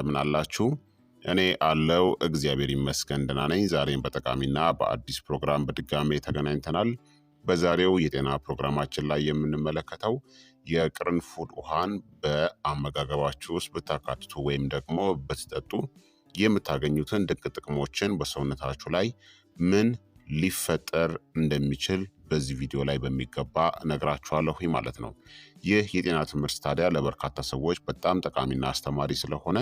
እንደምናላችሁ እኔ አለው እግዚአብሔር ይመስገን ደህና ነኝ። ዛሬም በጠቃሚና በአዲስ ፕሮግራም በድጋሜ ተገናኝተናል። በዛሬው የጤና ፕሮግራማችን ላይ የምንመለከተው የቅርንፉድ ውሃን በአመጋገባችሁ ውስጥ ብታካትቱ ወይም ደግሞ ብትጠጡ የምታገኙትን ድንቅ ጥቅሞችን በሰውነታችሁ ላይ ምን ሊፈጠር እንደሚችል በዚህ ቪዲዮ ላይ በሚገባ እነግራችኋለሁ ማለት ነው። ይህ የጤና ትምህርት ታዲያ ለበርካታ ሰዎች በጣም ጠቃሚና አስተማሪ ስለሆነ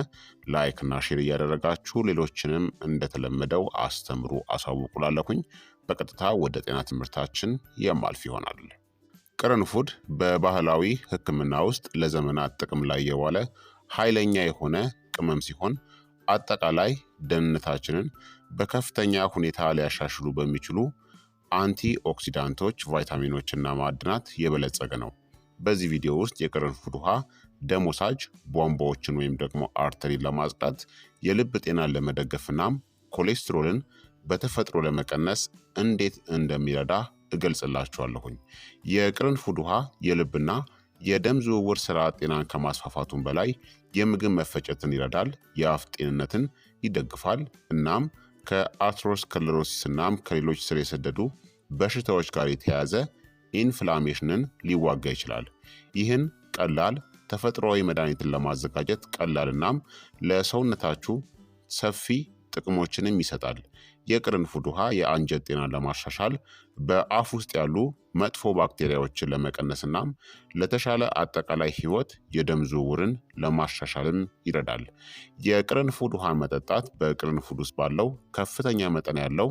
ላይክ እና ሼር እያደረጋችሁ ሌሎችንም እንደተለመደው አስተምሩ፣ አሳውቁላለሁኝ። በቀጥታ ወደ ጤና ትምህርታችን የማልፍ ይሆናል። ቅርንፉድ በባህላዊ ሕክምና ውስጥ ለዘመናት ጥቅም ላይ የዋለ ኃይለኛ የሆነ ቅመም ሲሆን አጠቃላይ ደህንነታችንን በከፍተኛ ሁኔታ ሊያሻሽሉ በሚችሉ አንቲ ኦክሲዳንቶች፣ ቫይታሚኖችና ማዕድናት የበለጸገ ነው። በዚህ ቪዲዮ ውስጥ የቅርንፉድ ውሃ ደም ቧንቧዎችን ወይም ደግሞ አርተሪን ለማጽዳት የልብ ጤናን ለመደገፍ ኮሌስትሮልን በተፈጥሮ ለመቀነስ እንዴት እንደሚረዳ እገልጽላችኋለሁኝ። የቅርንፉድ ውሃ የልብና የደም ዝውውር ስራ ጤናን ከማስፋፋቱን በላይ የምግብ መፈጨትን ይረዳል፣ የአፍ ጤንነትን ይደግፋል እናም ከአትሮስክለሮሲስ እናም ከሌሎች ስር የሰደዱ በሽታዎች ጋር የተያያዘ ኢንፍላሜሽንን ሊዋጋ ይችላል። ይህን ቀላል ተፈጥሯዊ መድኃኒትን ለማዘጋጀት ቀላል እናም ለሰውነታችሁ ሰፊ ጥቅሞችንም ይሰጣል። የቅርንፉድ ውሃ የአንጀት ጤናን ለማሻሻል በአፍ ውስጥ ያሉ መጥፎ ባክቴሪያዎችን ለመቀነስና ለተሻለ አጠቃላይ ህይወት የደም ዝውውርን ለማሻሻልም ይረዳል። የቅርንፉድ ውሃ መጠጣት በቅርንፉድ ውስጥ ባለው ከፍተኛ መጠን ያለው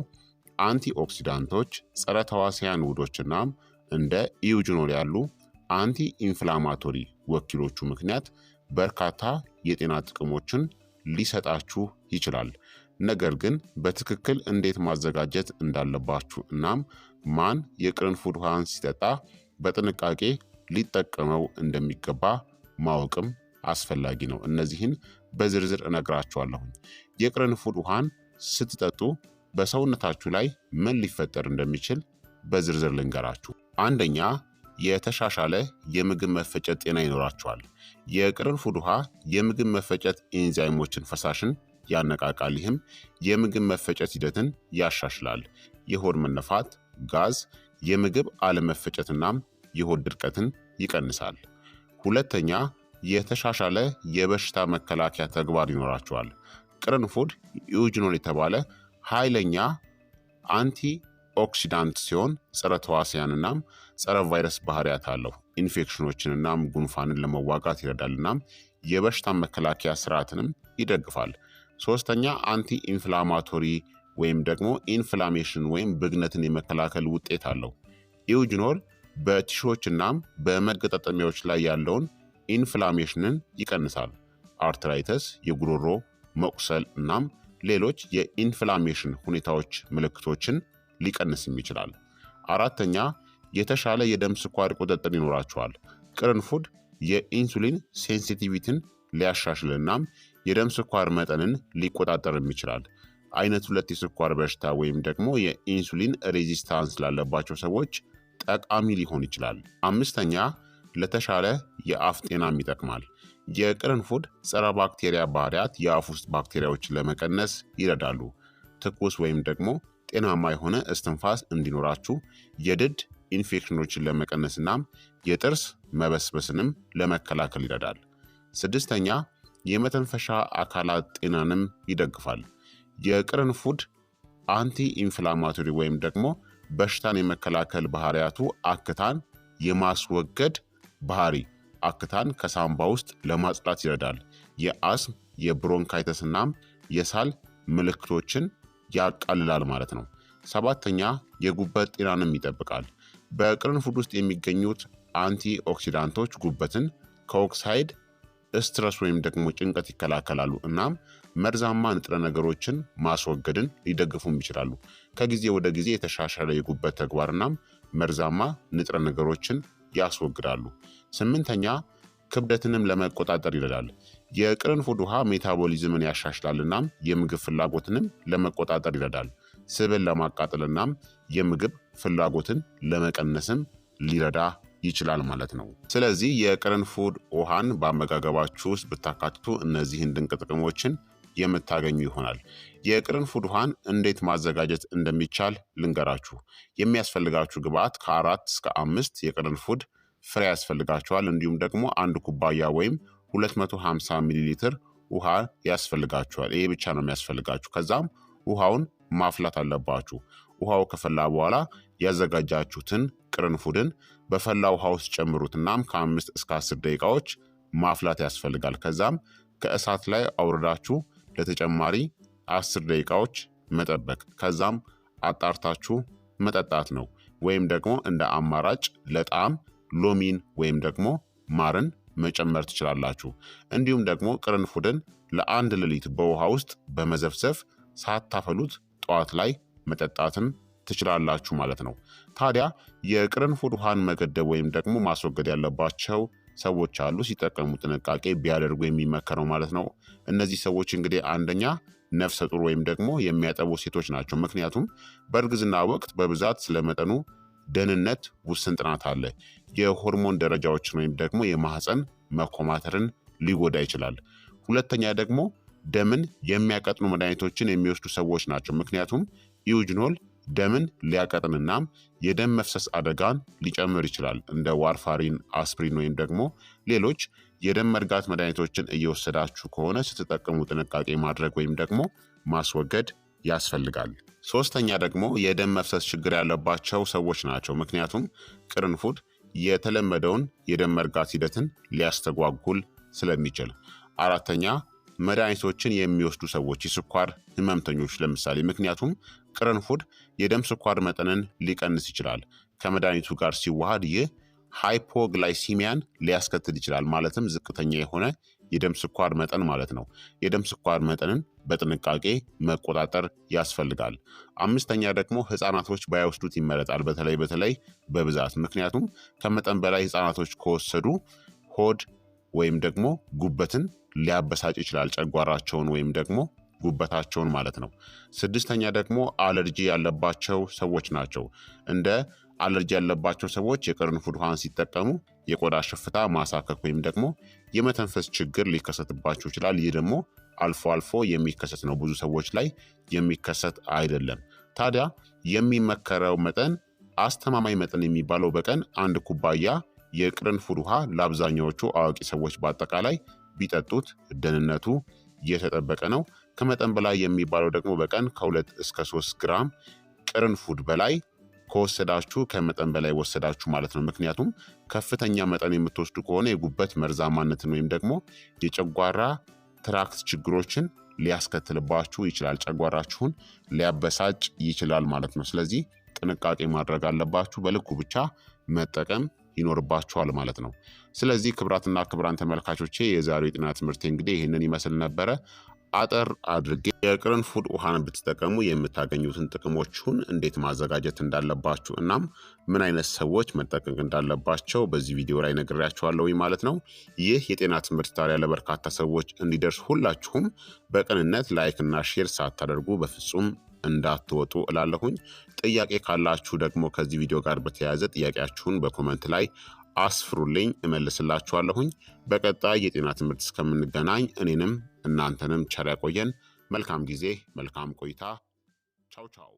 አንቲኦክሲዳንቶች፣ ጸረ ተዋሲያን ውህዶችናም እንደ ኢዩጅኖል ያሉ አንቲ ኢንፍላማቶሪ ወኪሎቹ ምክንያት በርካታ የጤና ጥቅሞችን ሊሰጣችሁ ይችላል። ነገር ግን በትክክል እንዴት ማዘጋጀት እንዳለባችሁ እናም ማን የቅርንፉድ ውሃን ሲጠጣ በጥንቃቄ ሊጠቀመው እንደሚገባ ማወቅም አስፈላጊ ነው። እነዚህን በዝርዝር እነግራችኋለሁኝ። የቅርንፉድ ውሃን ስትጠጡ በሰውነታችሁ ላይ ምን ሊፈጠር እንደሚችል በዝርዝር ልንገራችሁ። አንደኛ የተሻሻለ የምግብ መፈጨት ጤና ይኖራችኋል። የቅርንፉድ ውሃ የምግብ መፈጨት ኤንዛይሞችን ፈሳሽን ያነቃቃል። ይህም የምግብ መፈጨት ሂደትን ያሻሽላል። የሆድ መነፋት፣ ጋዝ፣ የምግብ አለመፈጨትናም የሆድ ድርቀትን ይቀንሳል። ሁለተኛ የተሻሻለ የበሽታ መከላከያ ተግባር ይኖራቸዋል። ቅርንፉድ ኢዩጅኖል የተባለ ኃይለኛ አንቲ ኦክሲዳንት ሲሆን ጸረ ተዋሲያንናም ጸረ ቫይረስ ባህሪያት አለው። ኢንፌክሽኖችንናም ጉንፋንን ለመዋጋት ይረዳልናም የበሽታ መከላከያ ስርዓትንም ይደግፋል። ሶስተኛ አንቲ ኢንፍላማቶሪ ወይም ደግሞ ኢንፍላሜሽን ወይም ብግነትን የመከላከል ውጤት አለው። ኢውጅኖል በቲሾች እናም በመገጣጠሚያዎች ላይ ያለውን ኢንፍላሜሽንን ይቀንሳል። አርትራይተስ፣ የጉሮሮ መቁሰል እናም ሌሎች የኢንፍላሜሽን ሁኔታዎች ምልክቶችን ሊቀንስም ይችላል። አራተኛ የተሻለ የደም ስኳር ቁጥጥር ይኖራቸዋል። ቅርንፉድ የኢንሱሊን ሴንሲቲቪቲን ሊያሻሽል እናም የደም ስኳር መጠንን ሊቆጣጠርም ይችላል። አይነት ሁለት የስኳር በሽታ ወይም ደግሞ የኢንሱሊን ሬዚስታንስ ላለባቸው ሰዎች ጠቃሚ ሊሆን ይችላል። አምስተኛ ለተሻለ የአፍ ጤናም ይጠቅማል። የቅርንፉድ ጸረ ባክቴሪያ ባህሪያት የአፍ ውስጥ ባክቴሪያዎችን ለመቀነስ ይረዳሉ። ትኩስ ወይም ደግሞ ጤናማ የሆነ እስትንፋስ እንዲኖራችሁ፣ የድድ ኢንፌክሽኖችን ለመቀነስናም የጥርስ መበስበስንም ለመከላከል ይረዳል። ስድስተኛ የመተንፈሻ አካላት ጤናንም ይደግፋል። የቅርንፉድ አንቲ ኢንፍላማቶሪ ወይም ደግሞ በሽታን የመከላከል ባህሪያቱ አክታን የማስወገድ ባህሪ አክታን ከሳምባ ውስጥ ለማጽዳት ይረዳል። የአስም የብሮንካይተስ እናም የሳል ምልክቶችን ያቃልላል ማለት ነው። ሰባተኛ የጉበት ጤናንም ይጠብቃል። በቅርንፉድ ውስጥ የሚገኙት አንቲ ኦክሲዳንቶች ጉበትን ከኦክሳይድ ስትረስ ወይም ደግሞ ጭንቀት ይከላከላሉ እናም መርዛማ ንጥረ ነገሮችን ማስወገድን ሊደግፉም ይችላሉ። ከጊዜ ወደ ጊዜ የተሻሻለ የጉበት ተግባር እናም መርዛማ ንጥረ ነገሮችን ያስወግዳሉ። ስምንተኛ ክብደትንም ለመቆጣጠር ይረዳል። የቅርንፉድ ውሃ ሜታቦሊዝምን ያሻሽላል እናም የምግብ ፍላጎትንም ለመቆጣጠር ይረዳል። ስብን ለማቃጠል እናም የምግብ ፍላጎትን ለመቀነስም ሊረዳ ይችላል ማለት ነው። ስለዚህ የቅርንፉድ ውሃን በአመጋገባችሁ ውስጥ ብታካትቱ እነዚህን ድንቅ ጥቅሞችን የምታገኙ ይሆናል። የቅርንፉድ ውሃን እንዴት ማዘጋጀት እንደሚቻል ልንገራችሁ። የሚያስፈልጋችሁ ግብአት ከአራት እስከ አምስት የቅርንፉድ ፍሬ ያስፈልጋችኋል። እንዲሁም ደግሞ አንድ ኩባያ ወይም 250 ሚሊ ሊትር ውሃ ያስፈልጋችኋል። ይሄ ብቻ ነው የሚያስፈልጋችሁ። ከዛም ውሃውን ማፍላት አለባችሁ። ውሃው ከፈላ በኋላ ያዘጋጃችሁትን ቅርንፉድን በፈላ ውሃ ውስጥ ጨምሩትናም ከአምስት እስከ አስር ደቂቃዎች ማፍላት ያስፈልጋል። ከዛም ከእሳት ላይ አውርዳችሁ ለተጨማሪ አስር ደቂቃዎች መጠበቅ ከዛም አጣርታችሁ መጠጣት ነው። ወይም ደግሞ እንደ አማራጭ ለጣዕም ሎሚን ወይም ደግሞ ማርን መጨመር ትችላላችሁ። እንዲሁም ደግሞ ቅርንፉድን ለአንድ ሌሊት በውሃ ውስጥ በመዘፍዘፍ ሳታፈሉት ጠዋት ላይ መጠጣትን ትችላላችሁ ማለት ነው። ታዲያ የቅርንፉድ ውሃን መገደብ ወይም ደግሞ ማስወገድ ያለባቸው ሰዎች አሉ። ሲጠቀሙ ጥንቃቄ ቢያደርጉ የሚመከረው ማለት ነው። እነዚህ ሰዎች እንግዲህ አንደኛ ነፍሰ ጡር ወይም ደግሞ የሚያጠቡ ሴቶች ናቸው። ምክንያቱም በእርግዝና ወቅት በብዛት ስለመጠኑ ደህንነት ውስን ጥናት አለ። የሆርሞን ደረጃዎችን ወይም ደግሞ የማህፀን መኮማተርን ሊጎዳ ይችላል። ሁለተኛ ደግሞ ደምን የሚያቀጥኑ መድኃኒቶችን የሚወስዱ ሰዎች ናቸው። ምክንያቱም ኢዩጅኖል ደምን ሊያቀጥንናም የደም መፍሰስ አደጋን ሊጨምር ይችላል። እንደ ዋርፋሪን፣ አስፕሪን ወይም ደግሞ ሌሎች የደም መርጋት መድኃኒቶችን እየወሰዳችሁ ከሆነ ስትጠቀሙ ጥንቃቄ ማድረግ ወይም ደግሞ ማስወገድ ያስፈልጋል። ሶስተኛ ደግሞ የደም መፍሰስ ችግር ያለባቸው ሰዎች ናቸው። ምክንያቱም ቅርንፉድ የተለመደውን የደም መርጋት ሂደትን ሊያስተጓጉል ስለሚችል። አራተኛ መድኃኒቶችን የሚወስዱ ሰዎች የስኳር ህመምተኞች ለምሳሌ፣ ምክንያቱም ቅርንፉድ የደም ስኳር መጠንን ሊቀንስ ይችላል። ከመድኃኒቱ ጋር ሲዋሃድ ይህ ሃይፖግላይሲሚያን ሊያስከትል ይችላል። ማለትም ዝቅተኛ የሆነ የደም ስኳር መጠን ማለት ነው። የደም ስኳር መጠንን በጥንቃቄ መቆጣጠር ያስፈልጋል። አምስተኛ ደግሞ ህፃናቶች ባይወስዱት ይመረጣል። በተለይ በተለይ በብዛት ምክንያቱም ከመጠን በላይ ህፃናቶች ከወሰዱ ሆድ ወይም ደግሞ ጉበትን ሊያበሳጭ ይችላል። ጨጓራቸውን ወይም ደግሞ ጉበታቸውን ማለት ነው። ስድስተኛ ደግሞ አለርጂ ያለባቸው ሰዎች ናቸው። እንደ አለርጂ ያለባቸው ሰዎች የቅርንፉድ ውሃን ሲጠቀሙ የቆዳ ሽፍታ፣ ማሳከክ ወይም ደግሞ የመተንፈስ ችግር ሊከሰትባቸው ይችላል። ይህ ደግሞ አልፎ አልፎ የሚከሰት ነው፣ ብዙ ሰዎች ላይ የሚከሰት አይደለም። ታዲያ የሚመከረው መጠን አስተማማኝ መጠን የሚባለው በቀን አንድ ኩባያ የቅርንፉድ ውሃ ለአብዛኛዎቹ አዋቂ ሰዎች በአጠቃላይ ቢጠጡት ደህንነቱ እየተጠበቀ ነው። ከመጠን በላይ የሚባለው ደግሞ በቀን ከሁለት እስከ ሶስት ግራም ቅርንፉድ በላይ ከወሰዳችሁ ከመጠን በላይ ወሰዳችሁ ማለት ነው። ምክንያቱም ከፍተኛ መጠን የምትወስዱ ከሆነ የጉበት መርዛማነትን ወይም ደግሞ የጨጓራ ትራክት ችግሮችን ሊያስከትልባችሁ ይችላል። ጨጓራችሁን ሊያበሳጭ ይችላል ማለት ነው። ስለዚህ ጥንቃቄ ማድረግ አለባችሁ። በልኩ ብቻ መጠቀም ይኖርባችኋል ማለት ነው። ስለዚህ ክብራትና ክብራን ተመልካቾቼ የዛሬው የጤና ትምህርት እንግዲህ ይህንን ይመስል ነበረ። አጠር አድርጌ የቅርንፉድ ውሃን ብትጠቀሙ የምታገኙትን ጥቅሞችን እንዴት ማዘጋጀት እንዳለባችሁ እናም ምን አይነት ሰዎች መጠቀም እንዳለባቸው በዚህ ቪዲዮ ላይ ነግሬያችኋለሁ ማለት ነው። ይህ የጤና ትምህርት ታዲያ ለበርካታ ሰዎች እንዲደርስ ሁላችሁም በቅንነት ላይክ እና ሼር ሳታደርጉ በፍጹም እንዳትወጡ እላለሁኝ። ጥያቄ ካላችሁ ደግሞ ከዚህ ቪዲዮ ጋር በተያያዘ ጥያቄያችሁን በኮመንት ላይ አስፍሩልኝ፣ እመልስላችኋለሁኝ። በቀጣይ የጤና ትምህርት እስከምንገናኝ እኔንም እናንተንም ቸር ያቆየን። መልካም ጊዜ፣ መልካም ቆይታ። ቻው ቻው